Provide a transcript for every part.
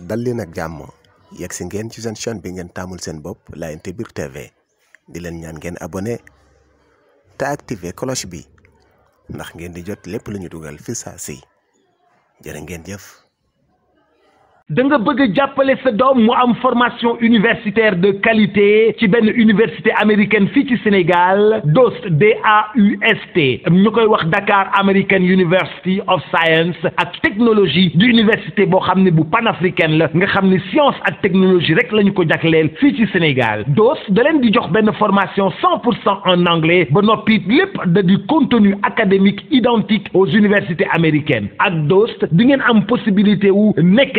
dal leen ak jàmm yegg si ngeen ci seen chaîne bi ngeen tamul seen bop la Biir TV di len ñaan ngeen abonné ta activer cloche bi ndax ngeen di jot lépp lu ñu fi si jëf danga bëgg a jàppale sa doom mu am formation universitaire de qualité ci benn université américaine fii ci Sénégal DOST DAUST ñu koy wax Dakar American University of Science ak technologie di université boo xam ne bu panafricaine la nga xam science ak technologie rek lañu ko jagleel fii ci Sénégal DOST da leen di jox benn formation 100% en anglais ba noppi lépp da contenu académique identique aux universités américaines ak DOST di ngeen am possibilité wu nekk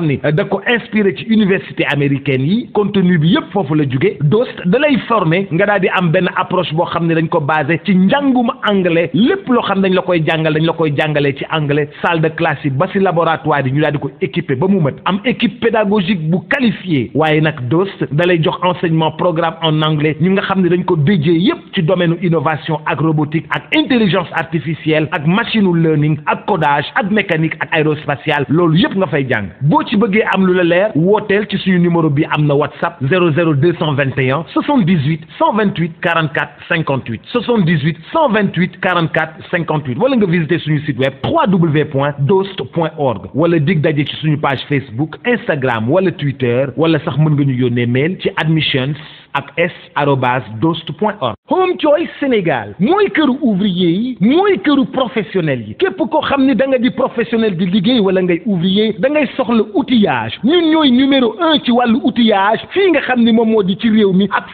xam ni inspiré ci université américaine yi contenu bi yëpp foofu la jóge dost dalay lay formé nga daal di am benn approche boo xam ne dañ ko basé ci anglais lépp loo xam dañ la koy jàngal dañ la koy jàngalee ci anglais salle de classe yi ba si laboratoire yi ñu daal ko équipé ba mu mat am équipe pédagogique bu qualifié waaye nag dost dalay jox enseignement programme en anglais ñi nga xam ne dañ ko déjee yëpp ci domaine innovation ak robotique ak intelligence artificielle ak machine learning ak codage ak mécanique ak aérospatiale loolu yëpp nga fay jàng ci bëggee am lu leer ci numéro bi amna whatsapp 00221 78 128 44 58 78 128 44 58 wala nga visiter suñu site web www.dost.org wala dig daje ci suñu page Facebook Instagram wala Twitter wala sax mën nga ñu yónnee mail ci admissions ak s Home Choice Sénégal mooy këru ouvrier yi mooy këru professionnel yi képp koo xam ne da nga di professionnel di liggéey wala ngay ouvrier da ngay soxla outillage ñun numéro un ci wàllu outillage fii nga xam ne moom di ci réew mi ak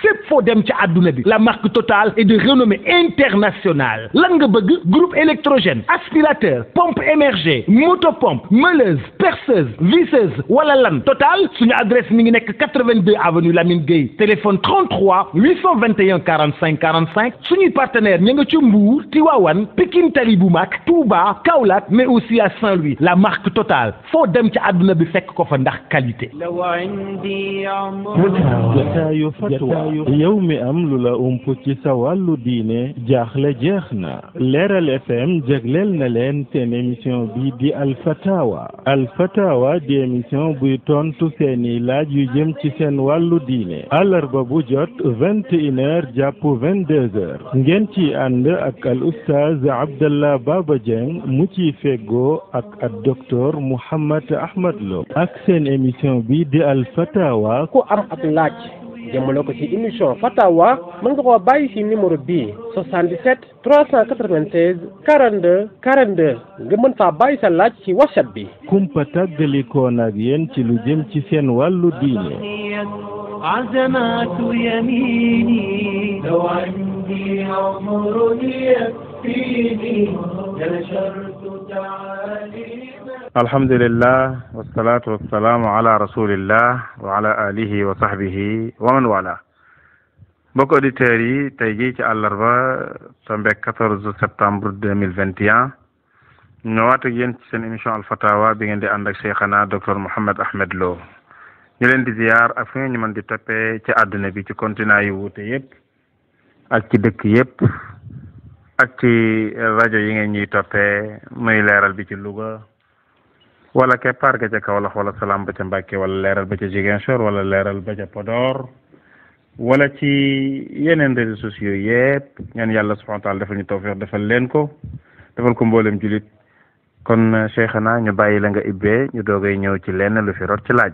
dem ci bi la marque Total est de renommée internationale lan nga bëgg groupe électrogène aspirateur pompe émergée motopompe meuleuse perceuse visseuse wala lan Total suñu adresse mi ngi nekk 82 avenue Lamine Gueye téléphone 33 821 45 45 suñu partenaire ñinga ci ca Mbour Tiwawan Pikine Tali bu Touba Kaolack mais aussi à Saint-Louis la marque Total fo dem ci aduna bi fekk ko fa ndax qualité jataayu fatwa yow mi am lu la ump ci sa wàllu diine jaaxle jeex FM jeglel na leen seen émission bi di Alfatawa Alfatawa di émission buy tontu seeni laaj yu jëm ci seen wàllu diine àllarba bu bu jot vingt et une heures jàpp ngeen ci ànd ak al oustaz Abdallah Baba Dieng mu ci feggoo ak ak docteur Mouhammad Ahmad Lo ak seen émission bi di al fatawa ku am ab laaj jëmale ko ci émission fatawa mën nga koo bàyyi ci numéro bii nga mën faa bàyyi sa laaj ci whatsapp bi kumpa tàggalikoo nag yéen ci lu jëm ci seen wàllu diine عزمات يميني لو عندي عمر يكفيني نشرت تعالي الحمد لله والصلاة والسلام على رسول الله وعلى آله وصحبه ومن والاه بكو دي تيري تيجي تي الاربا سمبي 14 سبتمبر 2021 نواتي ين سن ان شاء الفتاوى بين عندك شيخنا دكتور محمد احمد لو ñu leen di ziar ak fu ñu man di toppee ci àdduna bi ci continent yu wuute yëpp ak ci dëkk yëpp ak ci eh, rajo yi ngeen ñuy toppee muy leeral bi ci Louga wala keppaar ga ca Kaolack wala salaam ba ca Mbàkke wala leeral ba ca Ziguinchor wala leeral ba ca Podor wala ci yeneen réseaux sociaux yëpp ñaan yàlla subhanahu wa defal ñu tawfiq defal leen ko defal ko mboolem julit kon eh, Cheikhana ñu bàyyi la nga ibbee ñu doogay ñëw ci lenn lu fi rot ci laaj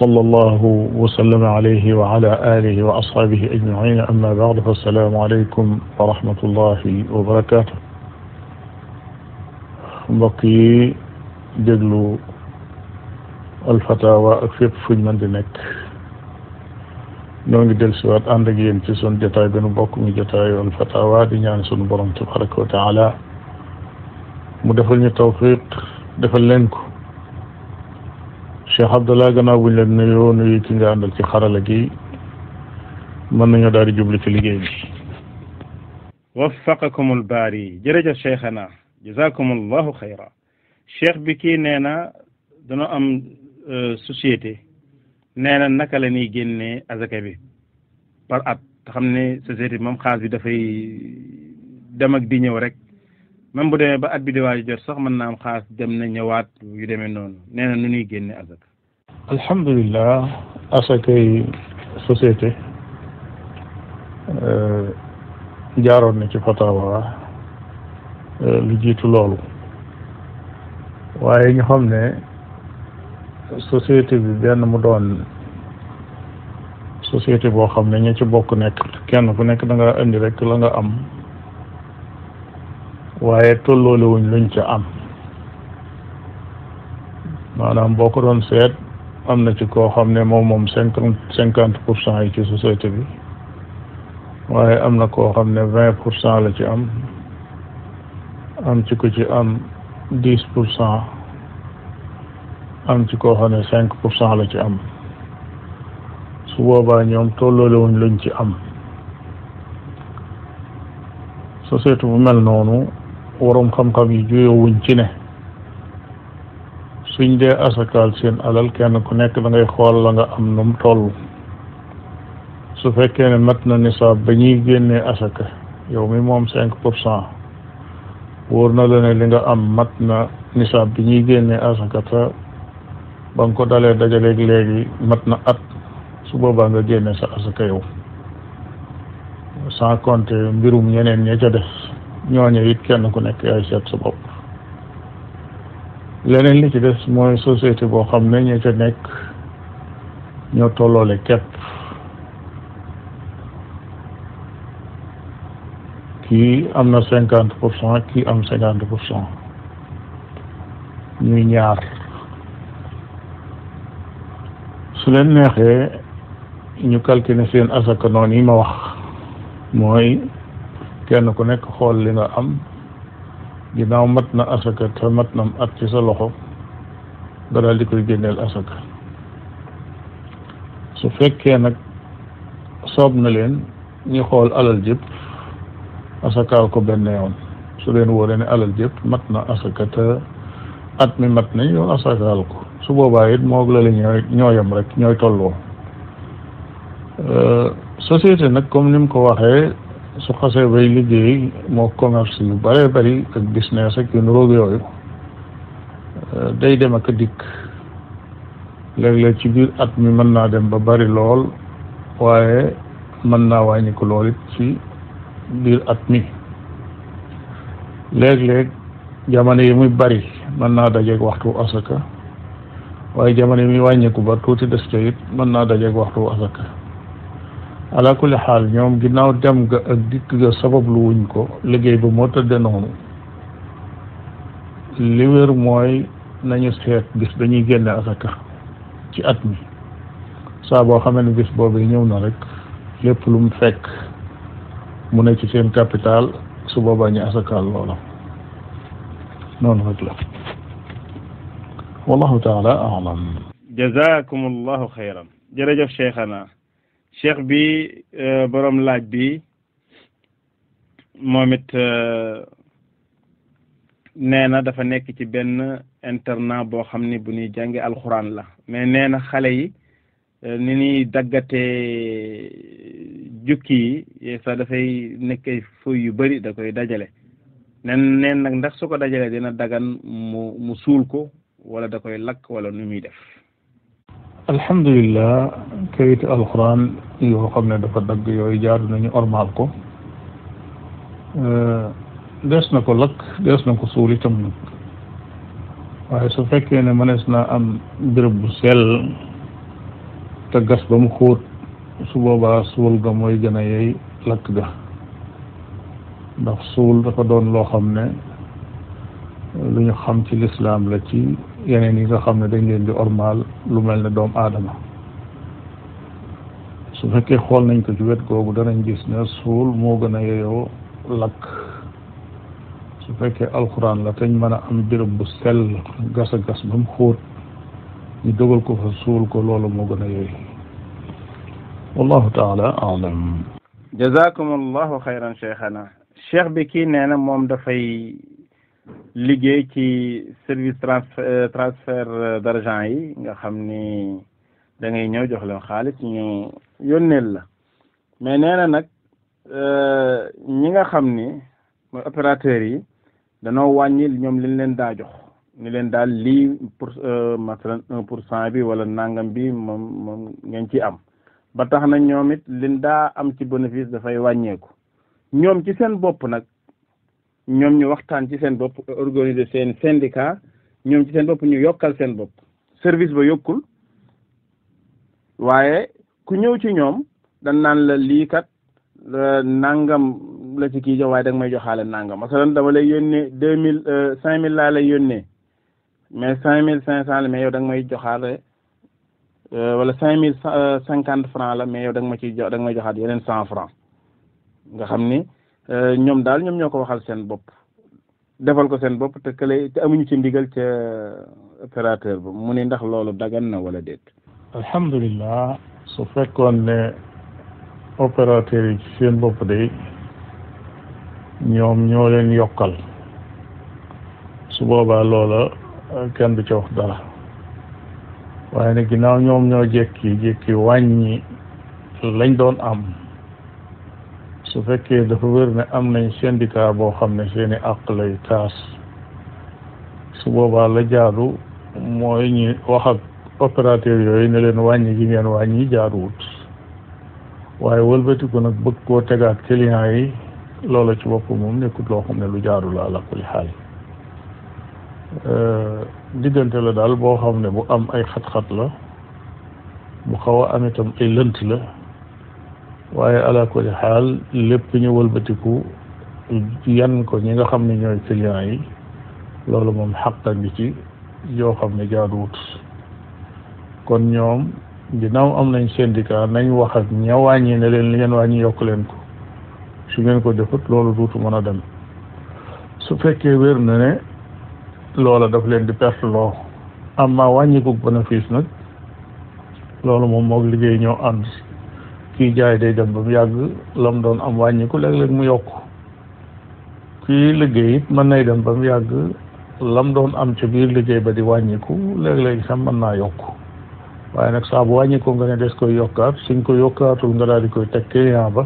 صلى الله وسلم عليه وعلى آله وأصحابه أجمعين أما بعد فالسلام عليكم ورحمة الله وبركاته بقي دجلو الفتاوى أكفيب في المندنك نونج دل سوات أندقي انتسون جتاي بن بوكم جتاي الفتاوى دنيان يعني سن برم تبارك وتعالى مدفلني توفيق دفلنكم Cheikh Abdallah gannaaw buñ leen nuyoo nuyu ki nga àndal ci xarala gi mën nañoo daal di jublu ci liggéey bi waffaqakumul baari jërëjëf cheikhana jazakumullahu xayra cheikh bi kii nee na dana am euh, société nee na naka la ñuy génnee azaka bi par at te xam ne société bi moom xaalis bi dafay demak di ñëw rek même bu demee ba at bi di waaj jot sax mën naa am xaas dem na ñëwaat yu demee noonu nee na nu ñuy génne asaka alhamdulilah asakay société euh, jaaroon na ci fatawa euh, lu jiitu loolu waaye ñu xam ne société bi benn mu doon société boo xam ne ña ci bokk nekk kenn ku nekk da nga indi rek la nga am waaye tolloolewuñ luñ ca am maanaam boo ko doon seet am na ci koo xam ne moom moom cinquante cinquante pour cent yi ci société bi waaye am na koo xam ne vingt pour cent la ci am am ci ko ci am dix pour am ci koo xam ne cinq pour cent la ci am su boobaa ñoom tolloolewuñ luñ ci am société bu mel noonu waroom xam-xam yi juyewuñ ci ne suñ dee asakaal seen alal kenn ku nekk da ngay xool la nga am num toll su fekkee ne mat na nisaab ba ñuy génnee asaka yow mi moom cinq pour cent wóor na la ne li nga am mat na nisaab bi ñuy génnee asaka te ba nga ko dalee dajaleeg léegi mat na at su boobaa nga génne sa asaka yow sans mbirum ñeneen ña ca ñooñu it kenn ku nekk yaay seet sa bopp leneen li ci des mooy société boo xam ne ñi ca nekk ñoo tolloole képp kii am na cinquante pour cent kii am cinquante pour cent ñuy ñaar su leen neexee ñu calculer seen asaka noonu yi ma wax mooy kenn ku nekk xool li nga am ginnaaw mat na asaka te mat nam at ci sa loxo nga daal di koy génneel asaka su fekkee nag soob na leen ñu xool alal jëpp asakaal ko benn yoon su leen wóoree ne alal jëpp mat na asaka te at mi mat na yoon asakaal ko su boobaa it moog la la ñooy ñooyam rek ñooy tolloo euh, société nag comme ni mu ko waxee su xasee bay liggéey moo commerce yu baree bari ak business ak yu nuróog yooyu euh, day dem ak a dikk léeg-léeg ci biir at mi mën naa dem ba bari lool waaye mën naa wàññi lool it ci biir at mi léeg-léeg jamono yi muy bari mën naa dajeeg waxtu asaka waaye jamono yi muy wàññeeku ba tuuti des ca mën naa dajeeg waxtu asaka على كل حال يوم جناو دم ديك سبب لوينكو لجاي بموت دنون ليفر موي نانيو بس داني ген اساكا تي اتمي صابو بو خامن بس بوبي نيونا رك ليپ لوم فك مو سين كابيتال سو بوبا ني لولا نون هكلا والله تعالى اعلم جزاكم الله خيرا جرجف شيخنا cheikh bi euh, borom laaj bi moom it euh, nee na dafa nekk ci benn internat boo xam ni bu ñuy jànge alxuraan la mais nee na xale yi euh, ni ñuy daggatee jukki yi sax dafay nekk fooy yu bari da koy dajale nen neen nag ndax su ko dajalee dina dagan mu mu suul ko wala da koy lakk wala nu muy def alhamdulilah kayitu alxuraan yoo xam ne dafa dagg yooyu jaadu nañu ormaal ko des na ko lakk des na ko suul itam nag waaye su fekkee ne mënees naa am béréb bu sell te gas ba mu xóot su boobaa suul ga mooy gën a yey lakk ga ndax suul dafa doon loo xam ne lu ñu xam ci lislaam la ci yeneen yi nga xam ne dañ leen di ormaal lu mel ne doomu aadama su fekkee xool nañ ko ci wet googu danañ gis ne suul moo gën a yeyoo lakk su fekkee alxuraan la tañ mën a am béréb bu sell gas a gas ba xóot ñu dogal ko fa suul ko loolu moo gën a yeyoo wallahu taala alam jazakum allahu xayran bi kii nee na moom dafay liggéey ci service euh, transfert transfert euh, d'argent yi nga xam ni da ngay ñëw jox leen xaalis ñu yónneel la mais nee na nag euh, ñi nga xam ni mooy opérateurs yi danoo wàññi ñoom liñ leen daa jox ni leen daal lii pour masalan un pour cent bi wala nangam bi moom moom ngeen ci am ba tax na ñoom it liñ daa am ci bénéfice dafay wàññeeku ñoom ci seen bopp nag ñoom ñu waxtaan ci seen bopp organiser seen syndicat ñoom ci seen bopp ñu yokkal seen bopp service ba yokkul waaye ku ñëw ci ñoom dañ naan la lii kat nangam la ci kii jox waaye danga may joxaale nangam masalan dama lay yónnee deux mille euh, cinq mille laa la yónnee mais cinq mille cinq cent la mais yow danga may joxaale euh, wala cinq mille euh, cinquante franc la mais yow danga ma ciy jox danga joxaat yeneen cent franc nga xam ni Euh, ñoom daal ñoom ñoo ko waxal seen bopp defal ko seen bopp te kële te amuñu ci ndigal ca opérateur ba mu ne ndax loolu dagan na wala déet alhamdulilah su fekkoon ne opérateur yi ci seen bopp day ñoom ñoo leen yokkal su boobaa loola euh, kenn du ca wax dara waaye ne ginnaaw ñoom ñoo jékki jékki wàññi lañ doon am su fekkee dafa wér ne am nañ syndicat boo xam ne seeni àq lay kaas su boobaa la jaadu mooy ñi wax ak opérateur yooyu ne leen wàññi gi ngeen wàññi jaaduwut waaye wëlbatiku nag bëgg koo tegaat client yi loola ci bopp moom nekkut loo xam ne lu jaadu la ala kulli xaal euh, diggante la daal boo xam ne bu am ay xat-xat la bu xaw a am itam ay lënt la waaye ala kulli xaal lépp ñu wëlbatiku yan ko ñi nga xam ne ñooy client yi loolu moom xàqan bi ci yoo xam ne jaaduwut kon ñoom ginnaaw am nañ syndicat nañ wax ak ña wàññi ne leen li ngeen wàññi yokk leen ko su ngeen ko defut loolu duutu mën a dem su fekkee wér na ne loola daf leen di perte loo am ma wàññi ko bénéfice nag loolu moom moog liggéey ñoo ànd kii jaay day dem ba mu yàgg lam doon am ko leeg léeg-léeg mu yokk kii liggéey it mën nay dem ba mu yàgg lam doon am ci biir liggéey ba di wàññiku léeg-léeg sax mën naa yokk waaye nag saa bu wàññiku nga ne des koy yokkaat suñ ko yokkaatul nga daal di koy teg client ba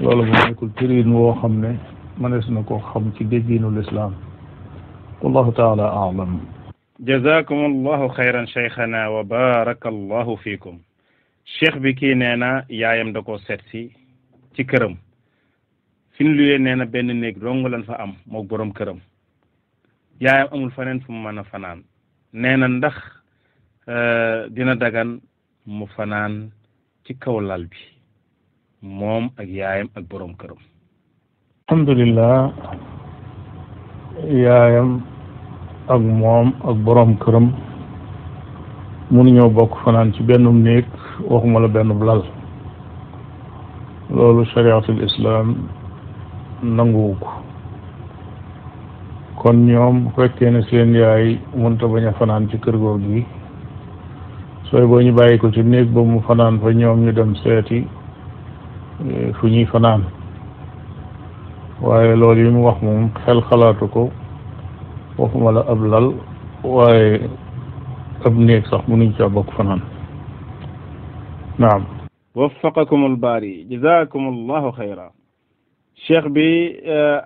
loolu mu nekkul pirin woo xam ne mënees na ko xam ci déggiinu lislaam wallahu taala aalam jazakum allahu xayran cheikhana wa baraka allahu fiikum cheikh bi kii nee na yaayam da koo seet si ci këram fi ñu luyee nee benn néeg dong lan fa am mook boroom këram yaayam amul faneen fu mu mën a fanaan nee na ndax euh, dina dagan mu fanaan ci kaw lal bi moom ak yaayam ak boroom këram alhamdulillah yaayam këram mënuñoo bokk fanaan ci benn néeg waxuma la benn lal loolu shariatul islam nanguwu ko kon ñoom fekkee ne seen yaay mënta bañ a fanaan ci kër googu gi sooy boo ñu bàyyi ko ci néeg ba mu fanaan fa ñoom ñu dem seeti eh, fu ñuy fanaan waaye loolu yi mu wax moom xel xalaatu ko waxuma la ab lal waaye ab néeg sax mënuñ caa bokk fanaan naam waffaqakumul baari jazaakumullahu xayra cheikh bi eh,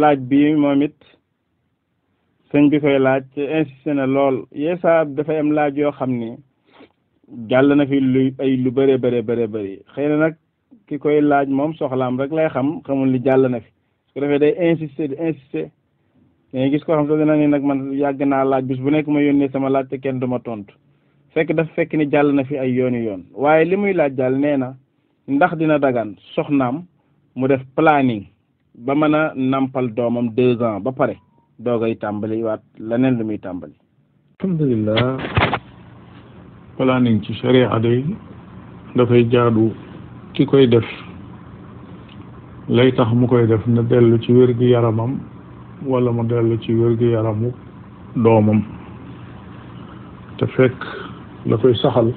laaj bi moom it sëñ bi koy laaj insisté na lool yeesa dafay am laaj yoo xam ni jàll na fi lu ay lu bëree bëree bëree bëri xëy na nag ki koy laaj moom soxlaam rek lay xam xamul li jàll na fi su ko defee day insisté di insisté dañuy gis koo xam sax dina ni nag man yàgg naa laaj bis bu nekk ma yónnee sama laaj te kenn du ma tontu fekk dafa fekk ni jàll na fi ay yooni yoon waaye li muy laaj jàll nee na ndax dina dagan soxnaam mu def planning ba mën a nàmpal doomam deux ans ba pare doogay tàmbali waat leneen lu muy tàmbali alhamdulilah planning ci sharia day dafay jaadu ki koy def lay tax mu koy def na dellu ci wér gi yaramam walla mu dellu ci wér gi yaramu doomam te fekk la koy saxal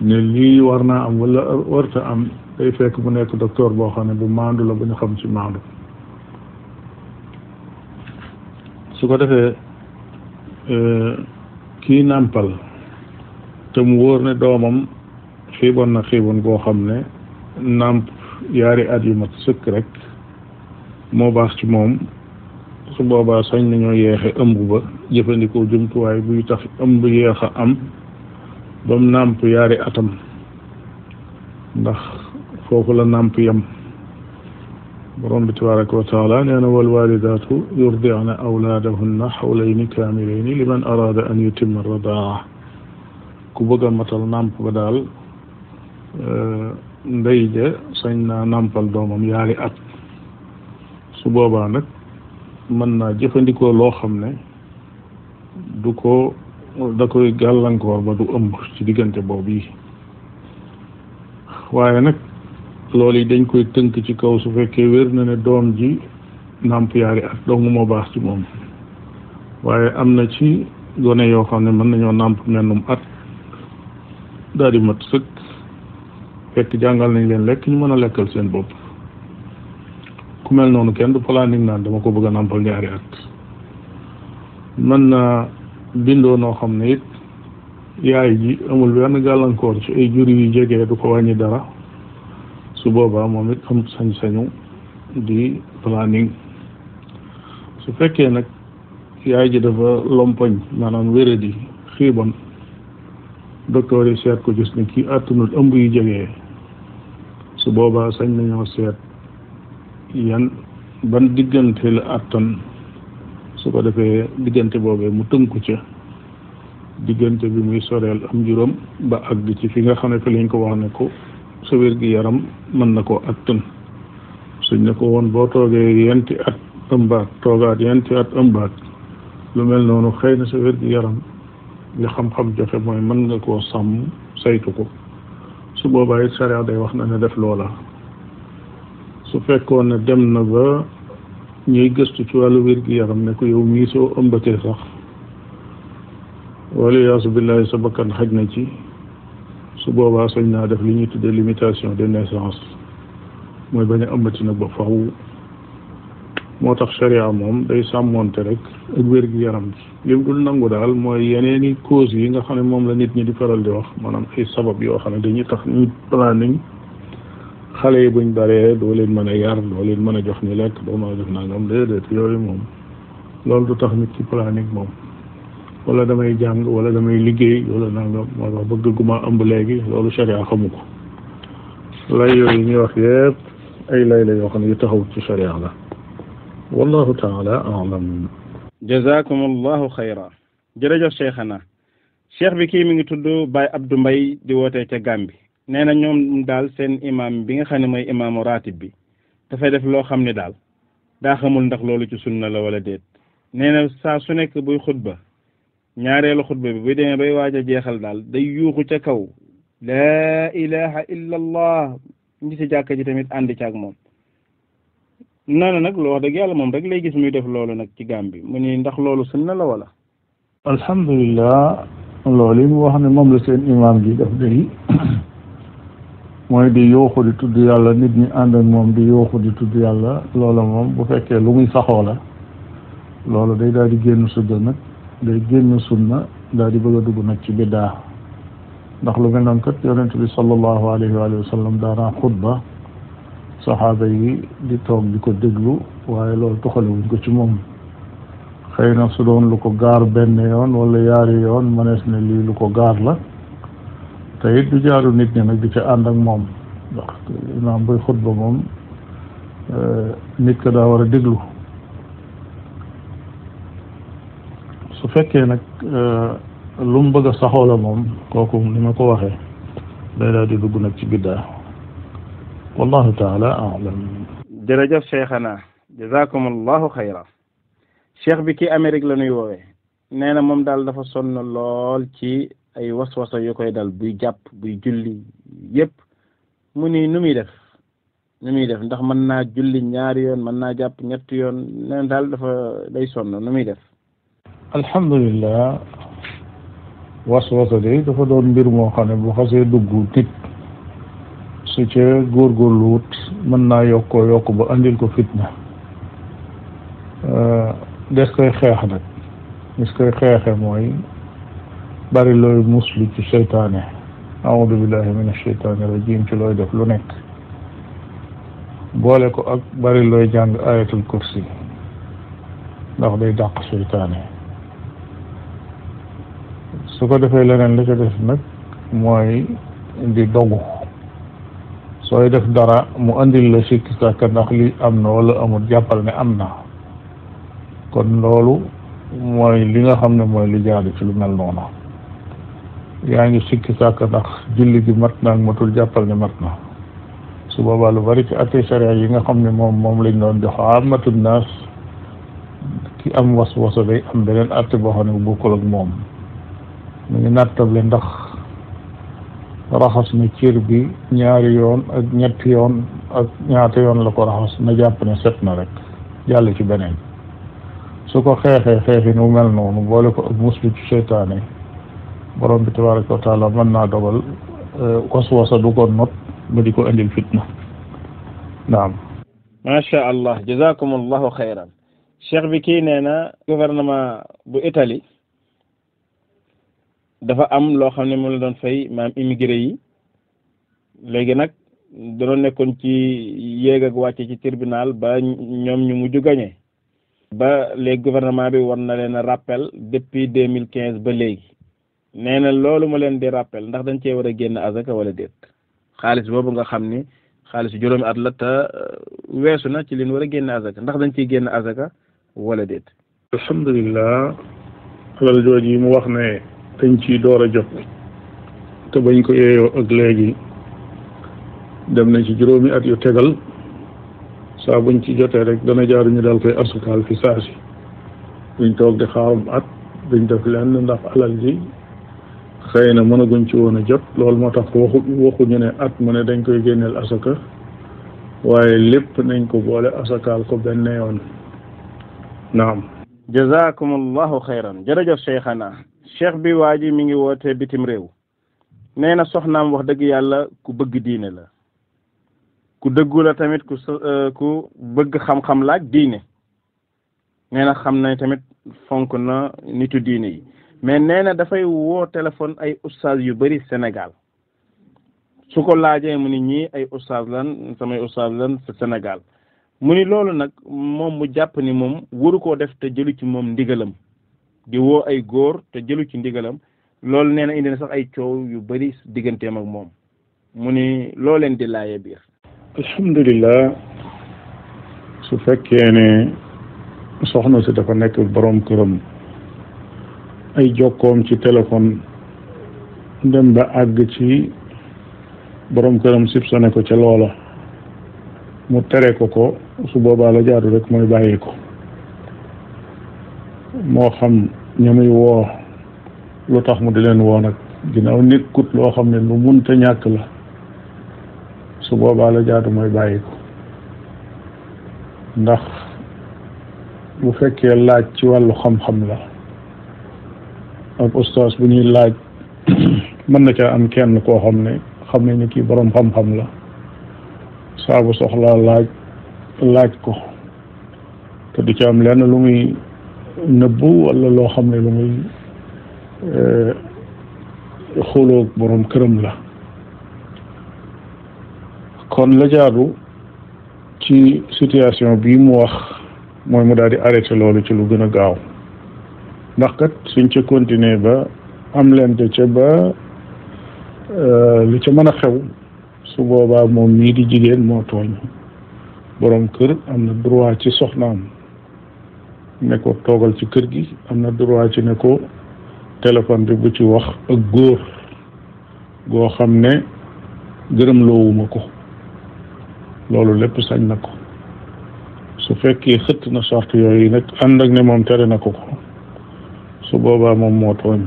ne lii war naa am wala warta am day fekk bu nekk docteur boo xam ne bu maandu la bu ñu xam ci maandu su ko defee euh, kii nàmpal te mu wóor ne doomam xiiboon na xiiboon boo xam ne nàmp yaari at yu mat sëkk rek moo baax ci moom su boobaa sañ nañoo yeexe ëmb ba jëfandikoo jumtuwaay buy tax ëmb yeex a am ba mu nàmp yaari atam ndax foofu la nàmp yam borom bi tabaraka wa taala nee na wal walidaatu yurdi'na awlaadahunna xawlayni kaamilayni liman araada an yutimma radaa ku bëgg matal nàmp ba daal euh, ndey ja sañ naa nàmpal doomam yaari at su boobaa nag mën naa jëfandikoo loo xam ne du ko da koy gàllankoor ba du ëmb ci diggante boobu yi waaye nag loolu yi dañ koy tënk ci kaw su fekkee wér na ne doom ji nàmp yaari at doomu moo baax ci moom waaye am na ci gone yoo xam ne mën nañoo nàmp mennum at daal di mat sëkk fekk jàngal nañ leen lekk ñu mën a lekkal seen bopp ku mel noonu kenn du planning naan dama ko bëgg a nàmpal ñaari at mën naa bindoo noo xam ne it yaay ji amul benn gàllankoor ci ay jur yu jege du ko wàññi dara su boobaa moom it am sañ-sañu di planning su fekkee nag yaay ji dafa lompoñ maanaam wéradi xiibon docteur yi seet ko gis ne kii àttanul ëmb yu jege su boobaa sañ nañoo seet yan ban diggante la àttan su ko defee diggante boobee mu tënku ca diggante bi muy soreel am juróom ba àgg ci fi nga xam ne fi lañ ko wax ne ko sa wér gi yaram mën na koo attun suñ ne ko woon boo toogee yenti at ëmbaat toogaat yenti at ëmbaat lu mel noonu xëy na sa wér gi yaram li xam-xam joxe mooy mën nga koo sàmm saytu ko su boobaay it sariya day wax na ne def loola su fekkoon ne dem na ba ñuy gëstu ci wàllu wér-gi-yaram ne ko yow mii soo ëmbatee sax wala yaasu billahi sa bakkan xaj na ci su boobaa sañ naa def lu ñuy tuddee limitation de naissance mooy bañ a ëmbati nag ba faw moo tax sharia moom day sàmmoonte rek ak wér-gi-yaram bi li mu dul nangu daal mooy yeneen i cause yi nga xam ne moom la nit ñi di faral di wax maanaam ay sabab yoo xam ne dañuy tax ñuy planning xale yi buñ baree doo leen mën a yar doo leen mën a jox ñu lekk doo mën a jox nangam déedéet yooyu moom loolu du tax nit ci planning moom wala damay jàng wala damay liggéey walla nangam moo ma bëgg gu léegi loolu sharia xamu ko lay yooyu ñuy wax yëpp ay lay yoo xam ne yu taxawut ci sharia la wallahu taala alam jazakum allahu xayra bi kii mi ngi tudd Baye Abdou mbay di wootee ca Gàmbi nee na ñoom daal seen imaam bi nga xam ne mooy imaamu ratib bi dafay def loo xam ne daal daa xamul ndax loolu ci sunna la walla déet nee na saa su nekk buy xutba ñaareelu xutba bi buy demee bay waaj a jeexal daal day yuuxu ca kaw laa ilaha illa allah ñi si jàkka ji tamit ànd ci ak moom noonu nag loo wax dëgg yàlla moom rek lay gis muy def loolu nag ci gaam bi mu ni ndax loolu sunna la wala alhamdulillah loolu yi ne moom la seen imaam ji def day mooy di yooxu di tudd yàlla nit ñi ànd moom di yooxu di tudd yàlla loola moom bu fekkee lu muy saxoo la loolu day daal di génn sudda nag day génn na daal di bëgg a dugg nag ci biddaa ndax lu mel noonu kat yonent bi sallallahu alayhi saxaaba yi di toog di ko déglu waaye loolu tuxalewuñ ko ci moom xëy na su doon lu ko gaar benn yoon wala yaari yoon mënees na lii lu ko gaar la te it du jaaru nit ñi nag di ca ànd ak moom ndax buy xutba moom eh, nit ko daa war a déglu su fekkee nag eh, lu mu bëgg a saxoo moom kooku li ma ko waxee day daal di dugg nag ci biddaa wallahu taala alam jërëjëf cheikhana jazakum allahu xayra cheikh bi ki Amérique la ñuy woowee nee na moom daal dafa sonn lool ci ay waswasa yu koy dal buy jàpp buy julli yépp mu ni nu muy def nu muy def ndax mën naa julli ñaari yoon mën naa jàpp ñetti yoon neen daal dafa day sonn nu muy def alhamdulillah waswasa de dafa doon mbir moo xam ne bu xasee dugg nit su góor góorgóorlu wut mën naa yokkoo yokk ba andil ko fitna euh, des koy xeex nag des koy xeexe mooy bari looy muslu ci shaytané a'udhu billahi minash asheytaani rajim ci loy def lu nek bolé ko ak bari looy jàng ayatul kursi ndax day dàq shaytané su ko defé leneen li ko def nak moy di dogu soy def dara mu andil la ci sàkk ndax li am na wala amul jàppal ne amna kon lolu moy li nga xamne moy li jaadu ci lu mel noonu yaa ngi sikk sàkk ndax julli gi mat na ak matul jàppal ne mat na su boobaa lu bari ci atte yi nga xam ne moom moom lañ doon jox amatul naas ki am was waso day am beneen atte boo xam ne bokkul moom mu ngi nattable ndax raxas na cër bi ñaari yoon ak ñett yoon ak ñaata yoon la ko raxas na jàpp ne set na rek jàll ci beneen su ko xeexee xeexi nu mel noonu boole ko ak muslu ci seytaane borom bi tabaraka wa taala mën naa dogal euh, waswasa du ko not ba di ko indil fitna naam macha allah jazakum bi kii nee na gouvernement bu itali dafa am loo xam ne moom la doon fay maam immigré yi léegi nag da nekkoon ci yéeg ak wàcce ci tribunal ba ñoom ñu mujj gañe ba léegi gouvernement bi war na leen rappel depuis deux mille quinze ba léegi nee na loolu ma leen di rappel ndax dañ cee war a génn azaka wala déet xaalis boobu nga xam ni xaalis juróomi at la euh, weesu na ci leen war a génn azaka ndax dañ ciy génn azaka wala déet alhamdulilah alal jooj yi mu wax ne dañ ciy door a jot te bañ ko yeeyoo ak léegi dem nañ ci juróomi at yu tegal saa buñ ci jotee rek dana jaaruñu daal koy asakaal fi saasi duñ toog di xaarum at duñ def lenn ndax alal ji xëy na mënaguñ ci woon a jot loolu moo tax waxu waxuñu ne at mu ne dañ koy génneel asaka waaye lépp nañ ko boole asakaal ko benn yoon naam jazakum jërëjëf cheikhana cheikh bi waa ji mi ngi woote bitim réew nee na soxnaam wax dëgg yàlla ku bëgg diine la ku dëggu la tamit ku euh, ku bëgg xam-xam laaj diine nee xam nañ tamit fonk na nitu diine yi mais nee na dafay woo téléphone ay ustaas yu bari senegaal su ko laajee mu ni ñii ay ustaas lan samay ustaas lan sa senegaal mu ni loolu nag moom mu jàpp ni moom waru koo def te jëlu ci moom ndigalam di woo ay góor te jëlu ci ndigalam lool nee na indi na sax ay coow yu bari digganteem ak moom mu ni loo leen di laaye biir alhamdulilah su fekkee ne soxna si dafa nekk borom këram ay jokkoom ci téléphone dem ba àgg ci boroom këram sib ko ca loola mu tere ko ko su boobaa la jaadu rek mooy bàyyi ko moo xam ñu muy woo lu tax mu di leen woo nag ginnaaw nekkut loo xam ne lu munta ñàkk la su boobaa la jaadu mooy bàyyi ko ndax bu fekkee laaj ci wàllu xam-xam la ab ustaas bu ñuy laaj mën na caa am kenn koo xam ne xam nañ ne kii boroom xam-xam la saabu soxlaa laaj laaj ko te du ci am lenn lu muy nëbbu walla loo xam ne lu muy eh, xuloo boroom këram la kon la jaadu ci situation bii mu wax mooy mu daal di arrêté loolu ci lu gën a gaaw ndax kat suñ ca continuer ba am lente ca ba euh, lu ca mën a xew su boobaa moom mii di jigéen moo tooñ boroom kër am na droit ci soxnaam ne ko toogal ci kër gi am na droit ci ne ko téléphone bi bu ci wax ak góor goo xam ne gërëm loowuma ko loolu lépp sañ na ko su fekkee xëtt na sart yooyu nag ànd ak ne moom tere na ko ko su boobaa moom moo tooñ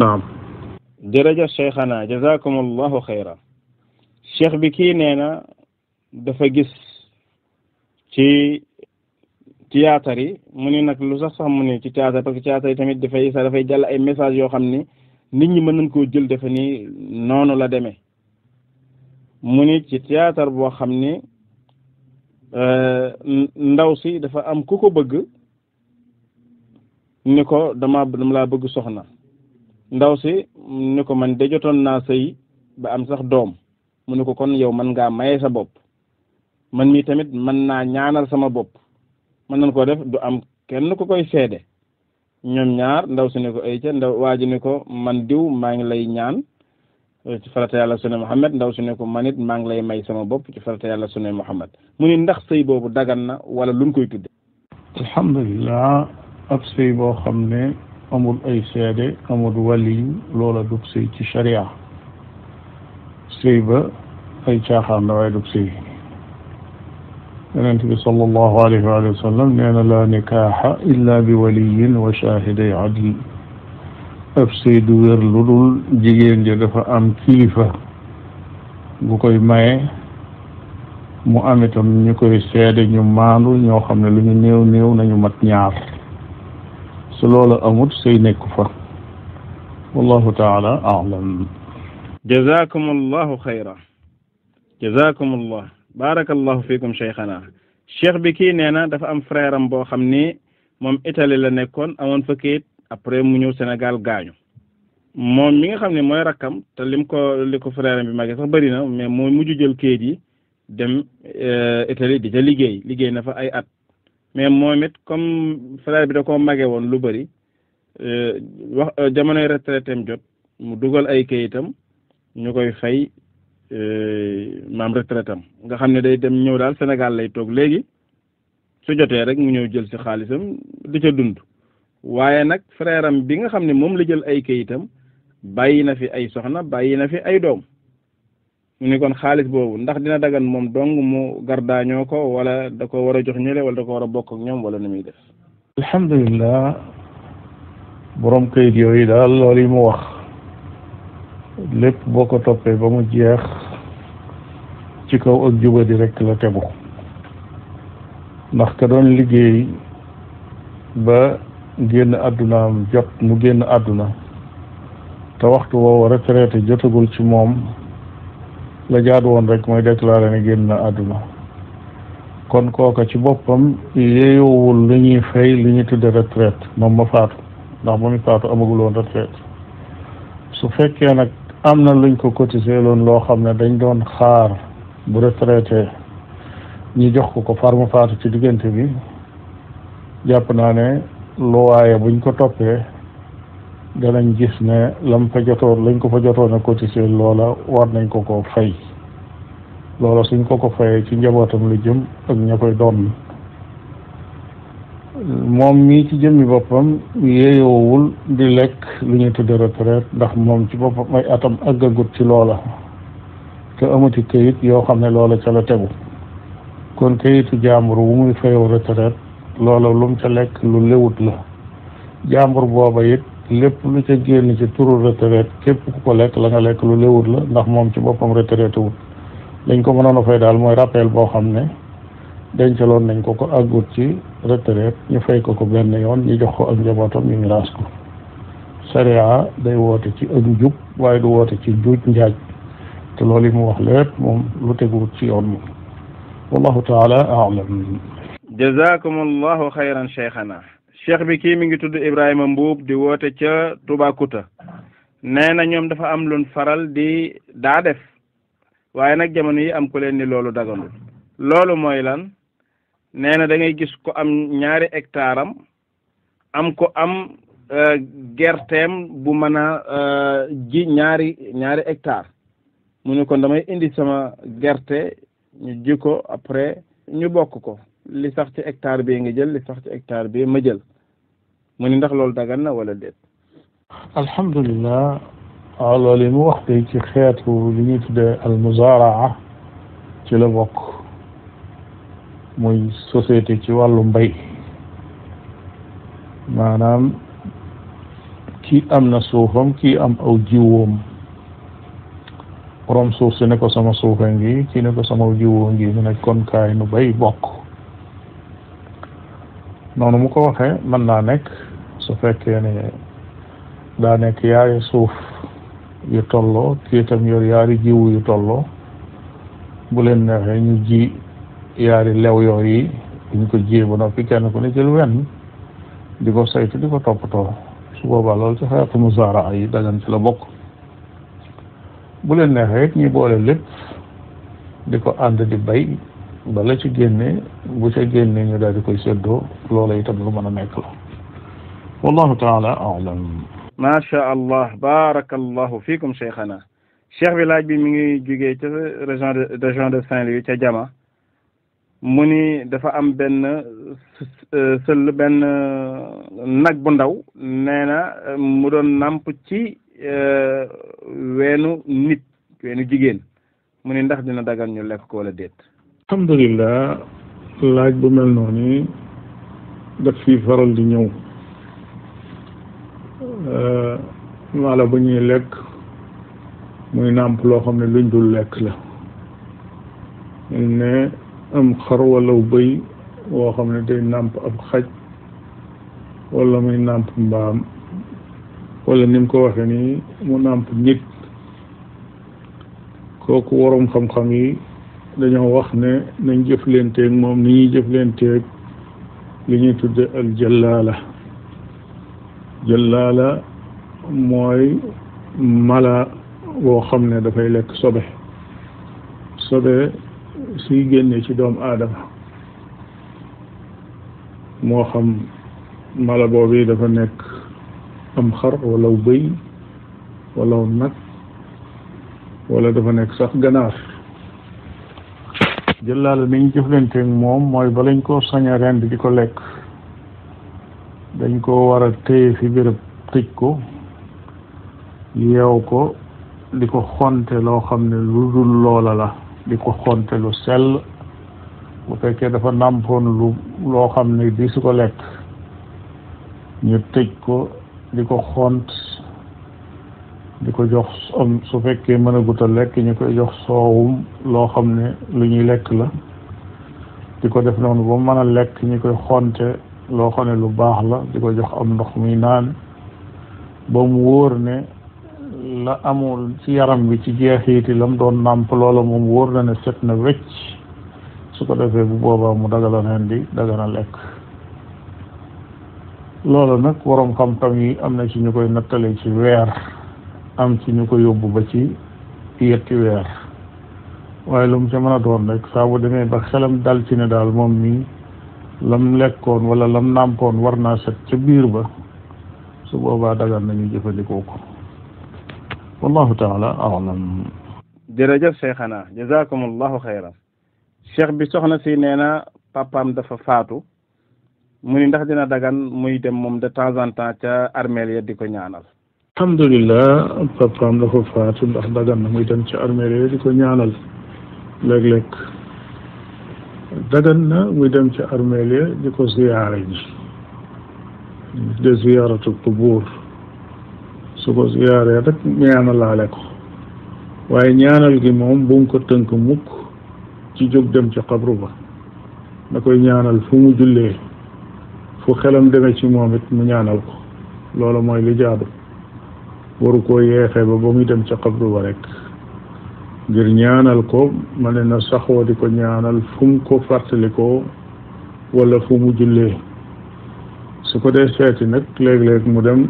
naam jërëjëf cheikhana jazakumullahu xayra cheikh bi kii nee na dafa gis ci théâtre yi mu ni nag lu sax sax mu ni ci théâtre parce que yi tamit dafay sax dafay jàll ay message yoo xam ni nit ñi mën nañ koo jël defe nii noonu la demee mu ni ci théâtre boo xam ni euh, ndaw si dafa am ku ko bëgg ni ko dama dama laa bëgg soxna ndaw si ni ko man de jotoon naa sëy ba am sax doom mu ni ko kon yow man ngaa maye sa bopp man mii tamit mën naa ñaanal sama bopp mën nañ koo def du am kenn ku koy seede ñoom ñaar ndaw si ni ko ay ca ndaw waa ji ko man diw maa ngi lay ñaan ci farata yàlla sunne Muhammad ndaw si ne ko man maa ngi lay may sama bopp ci farata yàlla sunne Muhammad mu ni ndax sëy boobu dagan na wala luñ koy tudde alhamdulillah ab sëy boo xam ne amul ay seede amul waliyu loola dug sëy ci sharia sëy ba ay caaxaan la waaye dug sëy yonent bi sallallahu alayhi wa sallam nee na laa nikaaxa illa bi waliyin wa shaahiday adl ab sëy du wér lu dul jigéen ja dafa am kilifa bu koy maye mu am itam ñu koy seede ñu maandu ñoo xam ne lu ñu néew néew nañu mat ñaar su loola amut sëy nekk fa wallahu taala alam جزاكم الله خيرا جزاكم الله بارك الله فيكم شيخنا cheikh bi kii nee na dafa am frère am boo xam ni moom Italie la nekkoon amoon fa kayit après mu ñëw Sénégal gaañu moom mi nga xam ne mooy rakkam te lim ko li ko frère am bi màggee sax bëri na mais moo mujj jël kayit yi dem Italie di ca liggéey liggéey na fa ay at mais moom it comme salaire bi da mage woon lu bëri euh, wax euh, jamonoy retraité am jot mu dugal ay kayitam ñu koy fay euh, maam retraité am nga xam ne day dem ñëw daal Sénégal lay toog léegi su jotee rek mu ñëw jël si xaalisam di ca dund waaye nag frère bi nga xam ne moom la jël ay kayitam bàyyi na fi ay soxna bàyyi na fi ay doom mu ni kon xaalis boobu ndax dina dagan moom dong mu gardaañoo ko wala da ko war a jox ñële wala da ko war a bokk ak ñoom wala nu muy def alhamdulilah borom kayit yi daal loolu yi mu wax lépp boo ko toppee ba mu jeex ci kaw ak jubadi rek la tegu ndax ka doon liggéey ba génn àddunaam jot mu génn àdduna te waxtu woowu retraité jotagul ci moom la jaadu woon rek mooy déclaré ne génn na àdduna kon kooka ci boppam yeeyowul lu ñuy fay lu ñuy tudde retraite moom ma faatu ndax moom mu faatu amagul woon su fekkee nag am na luñ ko cotisé loon loo xam ne dañ doon xaar bu retraité ñu jox ko ko far faatu ci diggante bi jàpp naa ne luwaaye buñ ko toppee danañ gis ne lam fa jotoon lañ ko fa jotoon a cotisé loola war nañ ko ko fay loola suñ ko ko fayee ci njabootam lu jëm ak ña koy doon moom mii ci jëmmi boppam yeeyoowul di lekk lu ñuy tudde retraite ndax moom ci boppam ay atam àggagut ci loola te amati këyit yoo xam ne loola ca la tegu kon këyitu jàmbur wu muy fayow retraite loola lum ca lekk lu lewut la jàmbur booba it lépp lu ca génn ci turu retraite képp ku ko lekk la nga lekk lu léwut la ndax moom ci boppam retraité wut lañ ko mënoon a fay daal mooy rappel boo xam ne dencaloon nañ ko ko àggut ci retraite ñu fay ko ko benn yoon ñu jox ko ak njabootam ñu miraas ko sariya day woote ci ak njub waaye du woote ci njuuj njaaj te loolu yi mu wax lépp moom lu teguwut ci yoon moom wallahu taala alam jazakum allahu xayran cheikhana cheikh bi kii mi ngi tudd Ibrahima Mbuub di woote ca Toubacouta nee na ñoom dafa am lun faral di daa def waaye nag jamono yi am ku leen ni loolu daganul loolu mooy lan nee na da gis ko am ñaari hectare am am ko am euh, gerteem bu mën a euh, ji ñaari ñaari hectare mu ne kon damay indi sama gerte ñu ji ko après ñu bokk ko li sax ci hectare bi nga jël li sax ci hectare bi ma jël mu ni ndax loolu dagan na wala déet alhamdulillah alors li mu wax day ci xeetu li ñuy mu almuzaaraa ci la bokk muy société ci wàllu mbay maanaam kii am na suufam kii am aw jiwoom borom suuf si ne ko sama suufa ngi kii ne ko sama jiwoo ngi mu ne kon kaay nu bay bokk noonu mu ko waxee mën naa nekk su fekkee ne daa nekk yaari suuf yu tolloo kii itam yor yaari jiw yu tolloo bu leen neexee ñu ji yaari lew yoo yi duñ ko ji ba noppi kenn ku ne jël wenn di ko saytu di ko toppatoo su boobaa loolu ci xeetu musaara yi dagan ci la bokk bu leen neexee it ñu boole lépp di ko ànd di bay ba ci génne bu ca génne ñu daal di koy séddoo loola itam lu mën a nekk la wallahu taala alam ma sha allah barakallahu fikum cheikhana cheikh bi laaj bi mi ngi jógee ca région de région de Saint-Louis ca Jama mu ni dafa am benn euh, sëll benn nag bu ndaw nee na mu doon nàmp ci euh, weenu nit weenu jigéen mu ni ndax dina dagan ñu lekk ko wala déet alhamdulilah laaj bu mel noonu daf fi faral di ñëw euh, walla bu ñuy lekk muy nàmp loo xam ne luñ dul lekk la ne am xar walla bëy woo xam ne day nàmp ab xaj walla muy nàmp mbaam walla ni mu ko waxee nii mu nàmp nit kooku waroom xam-xam yi dañoo wax ne nañ jëflanteeg moom ni ñuy jëflanteeg li ñuy tudde al jëllaala jëllaala mooy mala woo xam ne dafay lekk sobe sobe suy génne ci doomu aadama moo xam mala boobu dafa nekk am xar walaw bëy walaw nag wala dafa nekk sax ganaar jëlaal mi ñu jëflanteeg moom mooy ba lañ koo sañ a rend di ko lekk dañ ko war a téye fi béréb tëj ko yeew ko di ko xonte loo xam ne lu dul loola la di ko xonte lu sel bu fekkee dafa nàmpoon lu loo xam ne di su ko lekk ñu tëj ko di ko xont di ko jox am su fekkee mën a gut lekk ñu koy jox soowum loo xam ne lu ñuy lekk la di ko def noonu ba mën a lekk ñu koy xonte loo xam ne lu baax la di ko jox am ndox muy naan ba mu wóor ne la amul ci yaram bi ci jeexiiti lam doon nàmp loola moom wóor na ne set na wecc su ko defee bu boobaa mu la neen di dagana lekk loolu nag waroom xam-xam yi am na ci ñu koy nattale ci weer am ci ñu ko yóbbu ba ci yetti weer waaye lu mu ca mën a doon rek saa bu demee ba xelam dal ci ne daal moom mii lam lekkoon la lam nàmpoon war naa set ca biir ba su boobaa dagan nañu jëfandikoo ko wallahu taala alam jërëjëf cheikhana jazakumullahu xayran cheikh bi soxna si nee na papaam dafa faatu mu ni ndax dina dagan muy dem moom de temps en temps ca armeel ya di ko ñaanal الحمد لله بابام دا فو فات ندخ دغان ماي دن سي ارميري ديكو نيانال ليك ليك دغان نا موي دن سي ارميري ديكو زياري دي زيارة القبور سوكو زيارة داك نيانا لا ليكو واي نيانال جي موم بون كو تنك موك تي جوك دم سي قبرو با داكوي نيانال فو مو جولي فو خلام waru koo yeexee ba ba muy dem ca xabru ba rek ngir ñaanal ko ma ne na saxoo di ko ñaanal fu mu ko fàttalikoo wala fu mu jullee su ko dee seeti nag léeg-léeg mu dem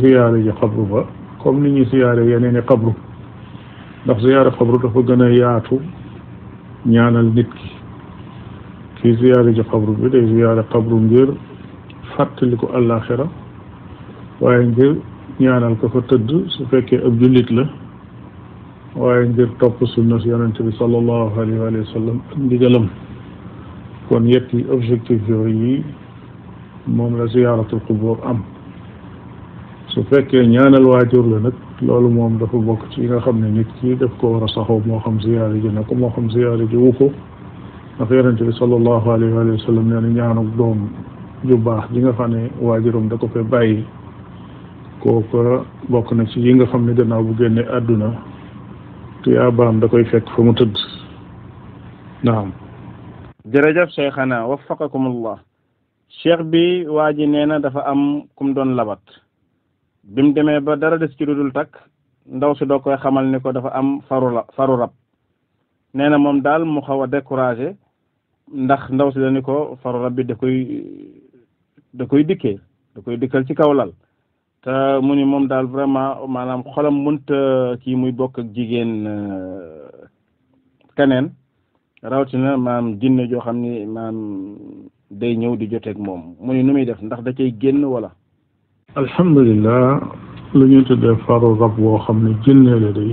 ziyaare ji xabru ba comme ni ñuy ziyaare yeneen i xabru ndax ziyaare xabru dafa gën a yaatu ñaanal nit ki kii ziyaare ji xabru bi day ziyaare xabru ngir fàttaliku àllaaxira waaye ngir ñaanal ko fa tëdd su fekkee ab jullit la waaye ngir topp sunna si yonente bi sallallahu alayhi wa sallam ak ndigalam kon yetti objectif yooyu moom la ziyaaratul qubur am su fekkee ñaanal waajur la nag loolu moom dafa bokk ci yi nga xam ne nit ki def ko war a saxoo moo xam ziyaara ji na ko moo xam ziyaara ji wu ko ndax yonente bi sallallahu alayhi wa sallam nee ñaanuk doom ju baax ji nga xam ne waajuram da ko fee bàyyi kooka bokk na ci yi nga xam ne gannaaw bu génne àdduna tuyaabaam da koy fekk fa mu tëdd naam jërëjëf cheikhana waffaqakum allah cheikh bi waa ji nee na dafa am kum doon labat bi demee ba dara des ci dudul takk ndaw si doo koy xamal ni ko dafa am faru la rab nee na moom daal mu xaw a découragé ndax ndaw si ni ko faru rab bi da koy da koy dikkee da koy dikkal ci kaw lal te mu ni moom daal vraiment maanaam xolam mënta kii muy bokk ak jigéen euh, keneen rawatina maam jinne joo xam ni maam day ñëw di joteek moom mu ni nu muy def ndax da cay génn wala alhamdulilah lu ñu tuddee faru rab woo xam ne jinne la day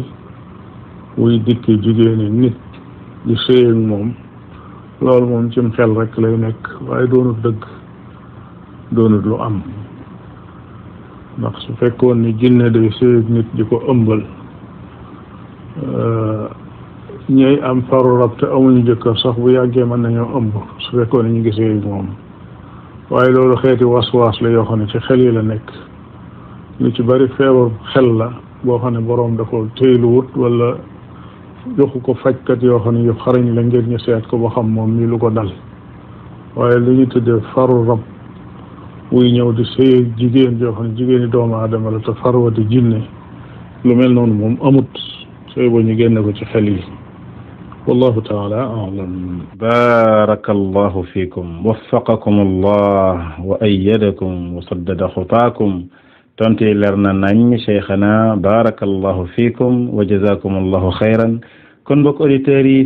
wuy dikk jigéeni nit di séy moom loolu moom cim xel rek lay nekk waaye doonut dëgg doonut lu am ndax su fekkoon ni jinne day séy nit di ko ëmbal euh, ñooy am faru rab te amuñu jëkkër sax bu yàggee mën nañoo ëmb su fekkoon ni ñu gisee moom waaye loolu xeeti waswaas la yoo xam ne ci xel yi la nekk lu ci bari feebar xel la boo xam ne boroom dafa teyluwut wala joxu ko fajkat yoo xam ne yu xarañ la ngir ñu seet ko ba xam moom mii lu ko dal waaye li ñu tuddee faru rab muy ñëw di sëy jigéen joo xam ne jigéeni doomu aadama la te farwati jinne lu mel noonu moom amut sëy ba ñu génne ko ci xel yi والله تعالى أعلم بارك الله فيكم وفقكم الله وأيدكم وصدد خطاكم تنتي لرنا ناني شيخنا بارك الله فيكم وجزاكم الله خيرا kon mbokk auditeurs yi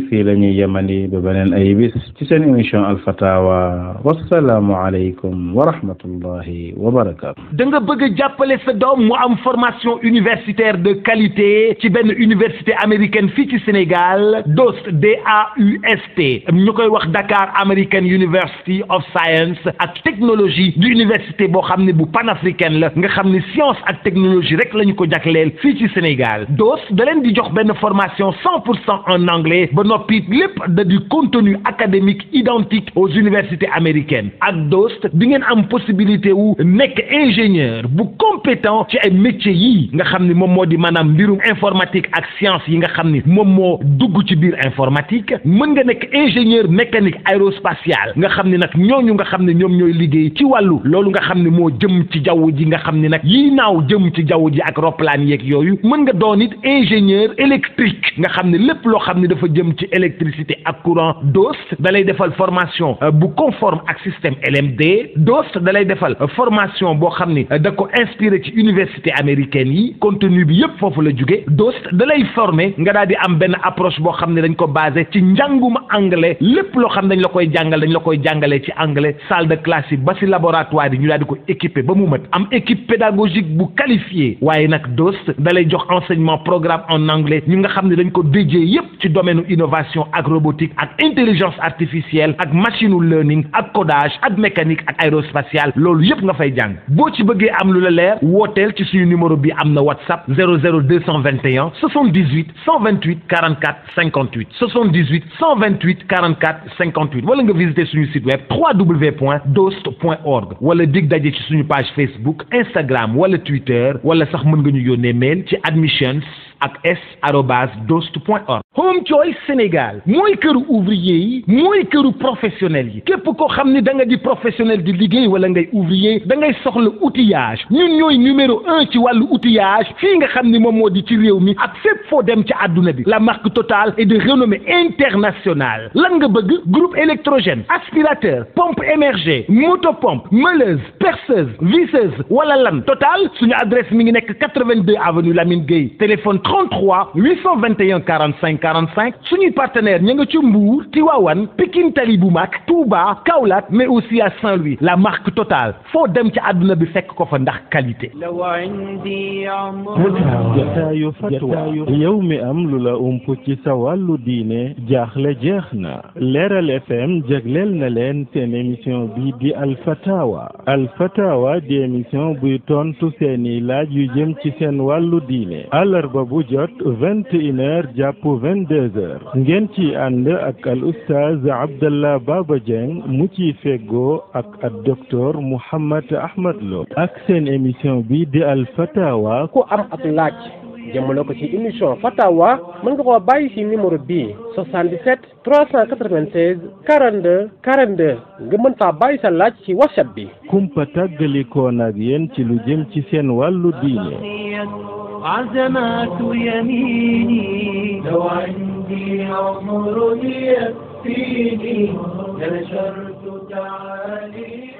formation universitaire de qualité université américaine fii Sénégal DAUST Dakar American University of Science ak technologie du université boo bu panafricaine la nga science ak technologie rek Sénégal DOST da di jox formation 100 en anglais ba noppi lépp de du contenu académique identique aux universités américaines ak DOST di ngeen am possibilité wu nek ingénieur bu compétent ci ay métiers yi nga xamni mom modi manam mbirum informatique ak science yi nga xamni mom mo dugg ci bir informatique mën nga nek ingénieur mécanique aérospatial nga xamni nak ñoñu nga xamni ñom ñoy liggéey ci walu lolu nga xamni mo jëm ci jawu ji nga xamni nak yi naaw jëm ci jawu ji ak roplan yek yoyu mën nga doon it ingénieur électrique nga xamni lépp loo xam dafa jëm ci électricité ak courant DOS dalay lay defal formation euh, bu conforme ak système LMD DOS dalay lay defal euh, formation bo xamni ni euh, da ko inspiré ci université américaine yi contenu bi yépp fofu la jóge DOS dalay former nga daldi am ben approche bo xamni dañ ko basé ci njanguma anglais lepp lo xamni dañ la koy jàngal dañ la koy jàngalee ci anglais salle de classe yi ba laboratoire yi ñu ko équipé ba mu mat am équipe pédagogique bu qualifié waaye nak DOS dalay jox enseignement programme en anglais ñu nga xam dañ ko déjee yep ci domaine innovation ak robotique ak intelligence artificielle ak machine learning ak codage ak mécanique ak aérospatiale Lol yep nga fay jang bo ci beugé am lu la le ci suñu numéro bi amna whatsapp 00221 78 128 44 58 78 128 44 58 wala nga visiter suñu site web www.dost.org wala dig daje ci suñu page Facebook Instagram wala Twitter wala sax mën nga ñu yónnee mail ci admissions ak s Home Choice Sénégal ouvrier moi je suis professionnel Que que vous xam professionnel de wala ngay ouvrier da ngay outillage Nous sommes numéro un ci le outillage Si nga xam ci mi ak la marque Total est de renommée internationale lan groupe électrogène aspirateur pompe émergée motopompe meuleuse perceuse visseuse voilà lan Total suñu adresse mi 82 avenue Lamine Gueye téléphone 33 821 45 45 suñu partenaire ña nga ci Mbour Tiwawan pikin Tali bu mag Touba Kaolack mais aussi à Saint-Louis la marque Total fo dem ci aduna bi fekk ko fa ndax qualité jataayu fatwa yow mi am lu la ump ci sa wàllu diine jaaxle jeex na FM jagleel na leen seen émission bi di Alfatawa Alfatawa di émission buy tontu seeni laaj yu jëm ci seen wàllu diine alarba bu jot vingt et une heures jàpp ngeen ci ànd ak al oustaz Abdallah Baba Dieng mu ci feggoo ak ak docteur Mouhammad Ahmad Lo ak seen émission bi di al fatawa ku am ak laaj jëmale ko ci émission fatawa mën nga koo bàyyi ci numéro bii nga mën faa bàyyi sa laaj ci whatsapp bi kumpa tàggalikoon ak yéen ci lu jëm ci seen wàllu diine عزمات يميني لو عندي عمر يكفيني نشرت تعاليمي